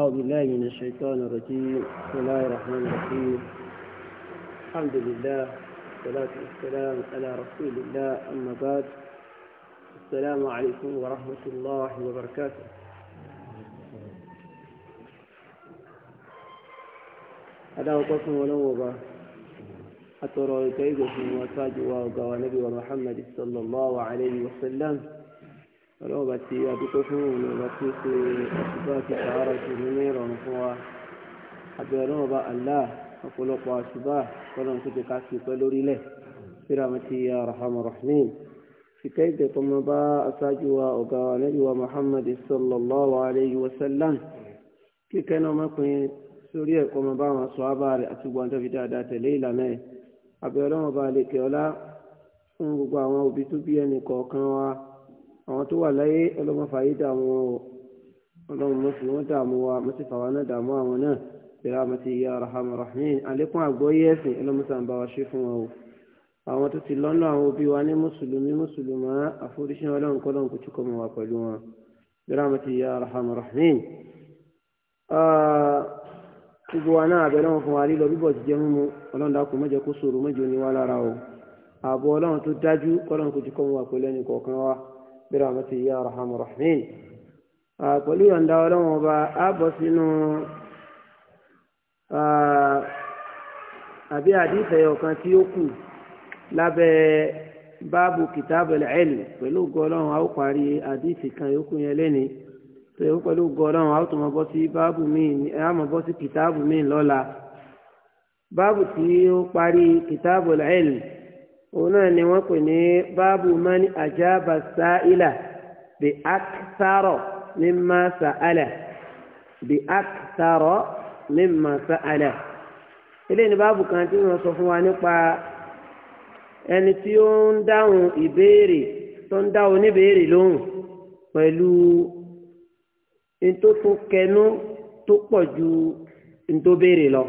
أعوذ بالله من الشيطان الرجيم بسم الله الرحمن الرحيم الحمد لله والصلاة والسلام على رسول الله أما بعد السلام عليكم ورحمة الله وبركاته هذا هو قسم ونوبة حتى رأيك في المساج وقوى نبي محمد صلى الله عليه وسلم ọlọ́run bá ti adúgbò fún òun ọba tí ó ṣe àtúbọ̀ àti sàárà jù nínú ìrọ̀rùn fún wa àbẹ̀ ọlọ́run ọba Allah ọ̀pọ̀lọpọ̀ àṣùbà ọlọ́run tó ti ká sí pẹ́ lórílẹ̀ síra mi ti arhamar rahim fìkẹ́ ìgbẹ́kọ̀ mọ́ bá aṣáájú wa ọ̀gá wa nẹ́bí wa Muhammad sallallahu alayhi wa sallam kíkẹ́ náà mọ́kùnrin sórí ẹ̀kọ́ mọ́ bá wọn sọ ábà àti gbọ́n dáadáa tẹ̀lé ìlànà ẹ̀ àbẹ̀ ọlọ́run ọba àlekẹ́ ọlá fún gbogbo àwọn òbí tó bí ẹnì kọ̀ọ̀kan wa àwọn tó wà láyé ọlọ́mọ fàyè dààmú ọlọ́mọ mọ́sí wọ́n dààmú wa mọ́sí fàwa náà dààmú àwọn náà bẹ̀rẹ̀ àmọ́tí ya rahman rahman àlékún àgbọ́yé ẹ̀sìn ọlọ́mọ sàǹbà wa ṣe fún wa o àwọn tó ti lọ́nà àwọn òbí wa ní mùsùlùmí mùsùlùmá àforíṣẹ́ ọlọ́run kọ́lọ́run kò tún kọ́ mọ́ wa pẹ̀lú wọn bẹ̀rẹ̀ àmọ́tí ya rahman rahman ah, gbogbo wa náà abẹ́rẹ́ wọn fún wa lílọ bíbọ̀ ti jẹ́ mímu ọlọ́run dákun kó sòrò mọ́jọ ní wa lára o ààbò ọlọ́run tó dájú kọ́lọ́run kò ti kọ́ mọ́ wa pẹ̀lú ẹnì kọ̀ọ̀kan wa برحمته يا أرحم الراحمين pẹ̀lú ìyọ̀ǹda ọlọ́run ọba ààbọ̀ sínú àbí àdìsẹ̀ ọ̀kan tí ó kù lábẹ́ báàbù kìtàbẹ̀lẹ̀ ẹ̀lì pẹ̀lú ògo ọlọ́run a ó parí àdìsẹ̀ kan yòókù yẹn lẹ́ni tó yẹ pẹ̀lú ògo ọlọ́run a ó tún mọ bọ́ sí báàbù míì a mọ bọ́ sí kìtàbù míì lọ́la báàbù tí ó parí kìtàbẹ̀lẹ̀ ẹ̀lì òun náà ni wọ́n pè ní báàbù mani àjábà sáìlà bí akitaro mímá sàálà bí akitaro mímá sàálà eléyìí ni báàbù kan tí wọ́n sọ fún wa nípa ẹni tí ó ń dáhùn ìbéèrè tó ń dá oníbéèrè lóhùn pẹ̀lú ntótó kẹnu tó pọ̀ ju ntóbéèrè lọ.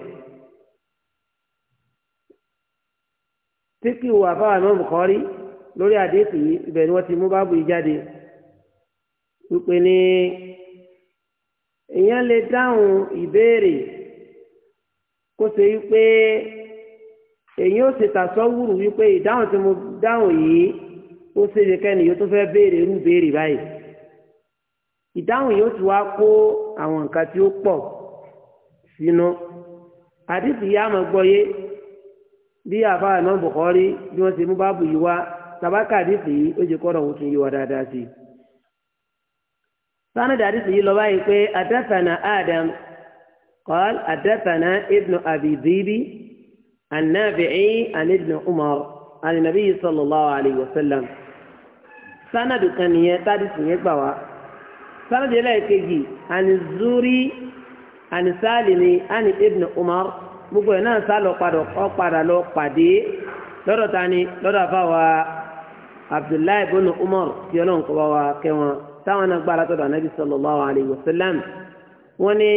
tíkì wò àfáà náà Bukhari lórí àdéhùn yìí ibẹ̀ ni wọ́n ti mú báàbù yìí jáde wípé ní èèyàn lè dáhùn ìbéèrè kó ṣe wípé èèyàn ó ṣe tàṣọ́wùrù wípé ìdáhùn tí mo dáhùn yìí ó ṣe é kẹ́ni yóò tún fẹ́ béèrè irú béèrè báyìí ìdáhùn yóò ti wá kó àwọn nǹkan tí ó pọ̀ sínú àdéhùn yìí á máa gbọ́ yé bí àfa àná bùkọ́rí bí wọ́n ti mú báàbù yìí wá tàbákà àdìsí yìí ó jẹ kọ́rọ̀ òun tún yí wa dáadáa sí i. sanadi àdìsí yìí lọ báyìí pé àdàtànà adam قال حدثنا ابن أبي ذيبي النافعي عن ابن عمر عن النبي صلى الله عليه وسلم sanadi kan nìyẹn tádìsí yẹn gbà wá sanadi ẹlẹ́ẹ̀kejì àni zuri àni sálìmí àni ibn umar gbogbo ẹ̀ náà sá lọ padà lọ pàdé lọ́dọ̀ ta ni lọ́dọ̀ àfáwà abdullahi ibn umar tí ọlọ́run kọ́ bá wa kẹ́ táwọn náà gbára tọ́dọ̀ anabi sallallahu alayhi wa sallam wọ́n ní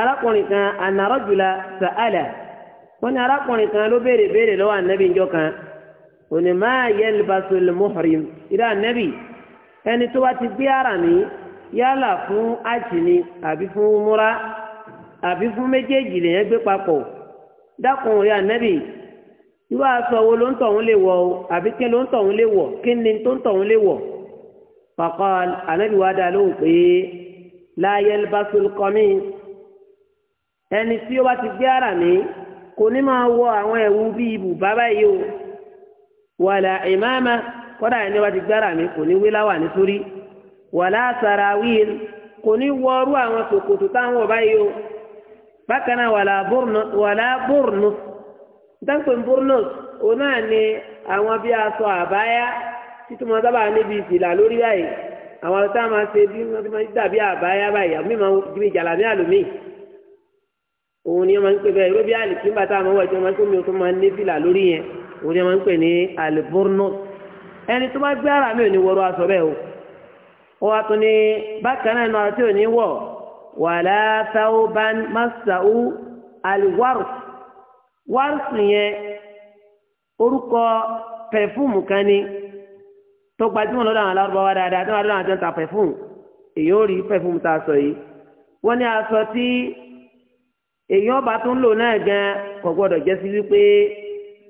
arákùnrin kan anarọ́jùlá sa'ala wọ́n ní arákùnrin kan ló béèrè béèrè lọ́wọ́ anabi njọ́ kan òní máa yalbasul muhrim ìdá anabi ẹni tó bá ti gbé ara mi yálà fún àjìní àbí fún múra. àbí fún méjèèjì lèyẹn gbé papọ̀ dákun orí ànẹ́bì irú aṣọ wo ló ń tọ̀hún lè wọ̀ o àbí kí ló ń tọ̀hún lè wọ̀ kí ni tó ń tọ̀hún lè wọ̀ fàkọ́ ànẹ́bì wa dá lóhùn pé láyé basul kọ́mí ẹni tí ó bá ti gbé ara mi kò ní máa wọ àwọn ẹ̀wù bíi ibùbá báyìí o wàlà ìmáàmà kọ́dà ẹni bá ti gbé ara mi kò ní wí láwà nítorí wàlà sàràwìl kò ní wọ ọrú àwọn ṣòkòtò táwọn wọ̀ báyìí o bákan náà wàlá burnus wàlá burnus dáńpẹ̀ burnus òun náà ni àwọn bí aṣọ àbáyá títún wọn sábà níbi ìfìlà lórí báyìí àwọn ọ̀tá máa ṣe bí wọ́n ti máa dàbí àbáyá báyìí àmì máa gbé jàlámí àlùmí òun ni wọ́n máa ń pè bẹ́ẹ̀ róbí àlìkí bàtà àwọn ọ̀wọ́ ìjọba tó mi ò tó máa ní fìlà lórí yẹn òun ni wọ́n máa ń pè ní àlìburnus ẹni tó bá gbé ara mi ò ní wọ́rọ́ aṣọ bẹ́ẹ̀ o ó wá tún ní bákan náà ní ọ̀rọ̀ tí ò ní wọ̀ wàlá tauban masau alwars wars yẹn orúkọ pẹfúmù kan ni tó gbajúmọ̀ lọ́dọ̀ àwọn alárúbáwá dáadáa tó wà lọ́dọ̀ àwọn tó ń ta pẹfúmù èyí ó rí pẹfúmù tá a sọ yìí wọ́n ní aṣọ tí èyàn ọba tó ń lò náà gan kò gbọdọ̀ jẹ́ sí wípé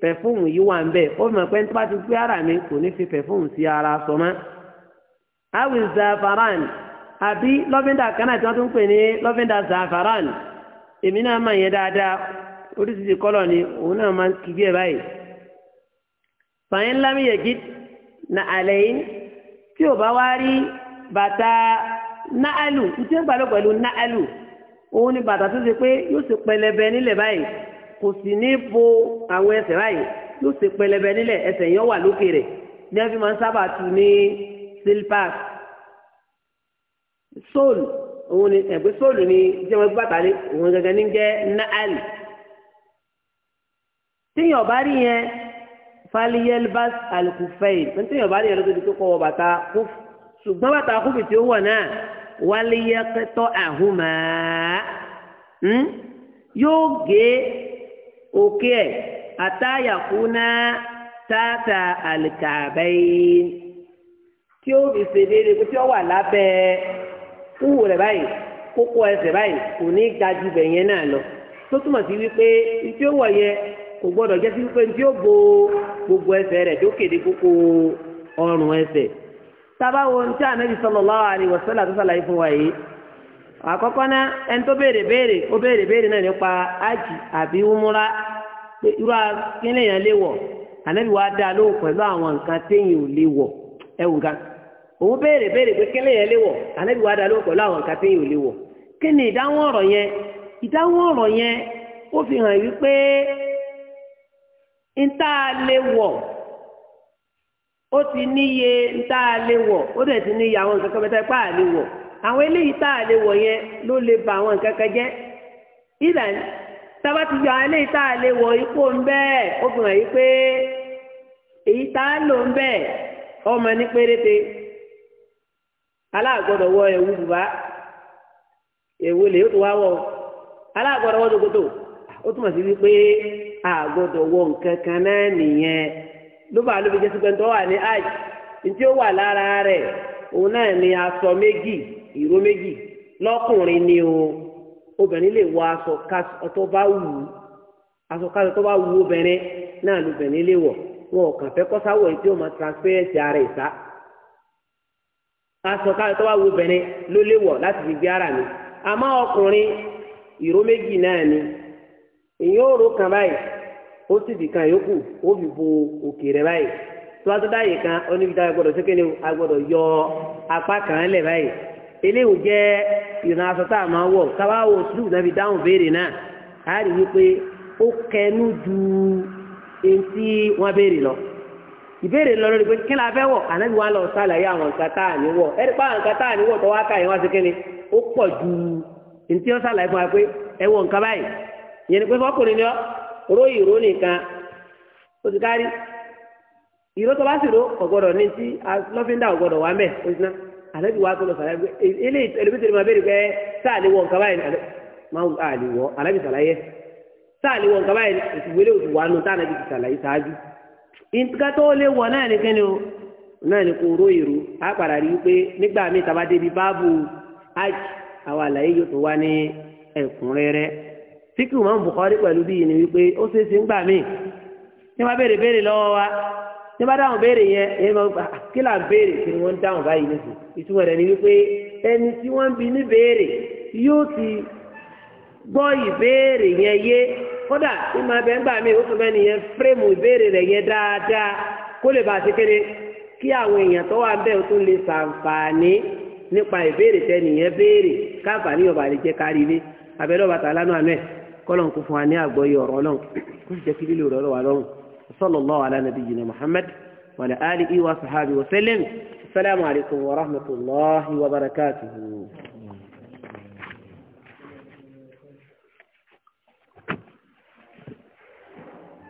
pẹ̀fúmù yìí wà ń bẹ̀ ó mọ̀ pé nípa ti gbé ara mi kò ní fi pẹ̀fúmù sí ara sọ mọ́. awì zafaran àbí lọ́fíńdà kan náà tí wọ́n tún pè ní lọ́fíńdà zafaran èmi náà máa yẹn dáadáa oríṣiríṣi kọ́lọ̀ ni òun náà máa ń kíbi ẹ̀ báyìí. fàyín lámì yẹ̀gí na àlẹ́ yìí tí ò bá wá rí bàtà náàlù tí ó ń gbàlọ́ pẹ̀lú náàlù òun ni bàtà tó ṣe pé yóò ṣe pẹlẹbẹ nílẹ̀ báyìí kò sì ní bo àwọn ẹsẹ̀ báyìí yóò ṣe pẹlẹbẹ nílẹ̀ ẹsẹ̀ yẹn wà lókè rẹ̀ ní ẹ fi máa ń sábà tù ní silpas sóòlù òun ni ẹ̀gbẹ́ sóòlù ni jẹ́wọ́n bàtà ni òun gẹ́gẹ́ ní jẹ́ náàlì tíyàn rí yẹn faliyelbas alukufẹ́yì tíyàn bá rí yẹn tó kọ́ wọ bàtà kúf bàtà kúfì tí ó wọ̀ náà waliyẹ́kẹ́tọ́ àhùmá yóò gé òkè tààtà àlìkàbẹ́yì tí ó fi wà wúwo rẹ̀ báyìí kókó ẹsẹ̀ báyìí kò ní ga ju bẹ̀yẹn náà lọ tó túmọ̀ sí wípé ntí ó wọ̀ yẹ kò jẹ́ sí wípé ntí ó bo gbogbo ẹsẹ̀ rẹ̀ tó kéde kókó ọrùn ẹsẹ̀ ntí ànábi tó sàlàyé fún wa yìí àkọ́kọ́ ẹni tó béèrè béèrè ó béèrè béèrè náà nípa ájì àbí pé irú léwọ̀ ànábi wa dá lóhùn pẹ̀lú àwọn nǹkan téèyàn gan òun béèrè béèrè pé kí lèyẹn léwọ̀ ànábì wa dá àwọn nǹkan kí ni ìdáhùn ọ̀rọ̀ yẹn ìdáhùn ọ̀rọ̀ yẹn ó fi hàn wípé ntá léwọ̀ ó ti níye ntá léwọ̀ ó dẹ̀ ti níye àwọn nǹkan kẹfẹ́ tá a àwọn eléyìí tá a léwọ̀ yẹn ló lè ba àwọn nǹkan aláàgbọ́dọ̀ wọ ẹ̀wù bùbá ẹ̀wù lè yóò tó wá wọ̀ aláàgbọ́dọ̀ wọ ṣòkòtò ó túmọ̀ sí wípé àgbọ́dọ̀ wọ nǹkan kan náà nìyẹn ló bá lóbi jẹ́ sípẹ́ tó wà ní aj ntí ó wà lára rẹ̀ ni aṣọ méjì ìró méjì lọ́kùnrin ni o obìnrin lè wọ aṣọ kásọ bá wù ú aṣọ bá wù obìnrin náà lóbìnrin lè wọn ò kàn fẹ́ kọ́sáwọ̀ ara aṣọ káyọ tó bá wo obìnrin ló léwọ láti fi gbé ara mi ọkùnrin ìró méjì náà ni èyí ò ro kan báyìí ó sì kan yòókù ó fi bo òkè rẹ báyìí tó bá tó kan ó níbi táwọn gbọ́dọ̀ sékéle agbọ́dọ̀ yọ apá kan lẹ báyìí eléyìí jẹ ìran aṣọ tá a máa wọ káwá wo sùúrù náà fi dáhùn béèrè náà á wípé ó kẹnu ju eŋti wọn béèrè lọ. ìbéèrè lọ lórí pé kí la fẹ́ wọ̀ ànábi wa lọ sàlàyé àwọn nǹkan tá à ní wọ̀ ẹ̀rí pa àwọn wọ nǹkan báyìí yẹn ni pé fọkùnrin ni ọ ró ìró nìkan ó ti kárí ìró tó bá sì ró ọ̀gọ́dọ̀ ní ti lọ́fíńdà ọ̀gọ́dọ̀ wà mẹ́ ó ti ná ànábi tó lọ sàlàyé pé e, ilé nǹkan tó lè wọ̀ náà ní kíni o náà ní kò ró ìró a padà rí i pé nígbà míì tá a bá débi báàbù hajj àwọn àlàyé yóò tó wá ní ẹ̀kúnrẹ́rẹ́ síkìrì máa ń bùkọ́rí pẹ̀lú bíi ni wípé ó ṣeé ṣe ń gbà míì ní wọ́n béèrè béèrè lọ́wọ́ wa ní wọ́n dáhùn béèrè yẹn èyí ah, kí là ń béèrè kí wọ́n dáhùn báyìí nìkan ìtumọ̀ rẹ̀ ni wípé ẹni tí wọ́n ń bi ní béèrè yóò ti gbọ́ ìbéèrè yẹn yé kódà ní máa bẹ ń gbà mí ó tún bẹ nìyẹn fírèmù ìbéèrè rẹ yẹ dáadáa kó lè bá a ti kéde kí àwọn èèyàn tó wà bẹ́ẹ̀ ó tún lè ṣàǹfààní nípa ìbéèrè tẹ nìyẹn béèrè káfààní ọba lè jẹ kárí ilé abẹ́rẹ́ ọba tààlà náà mẹ́ kọ́lọ́n kó fún wa ní àgbọ̀yé ọ̀rọ̀ náà kó sì jẹ́ kí lílo ọ̀rọ̀ wa lọ́rùn sallallahu ala nabiyyina muhammad wa ala alihi wa sahabihi wa sallam assalamu alaikum wa rahmatullahi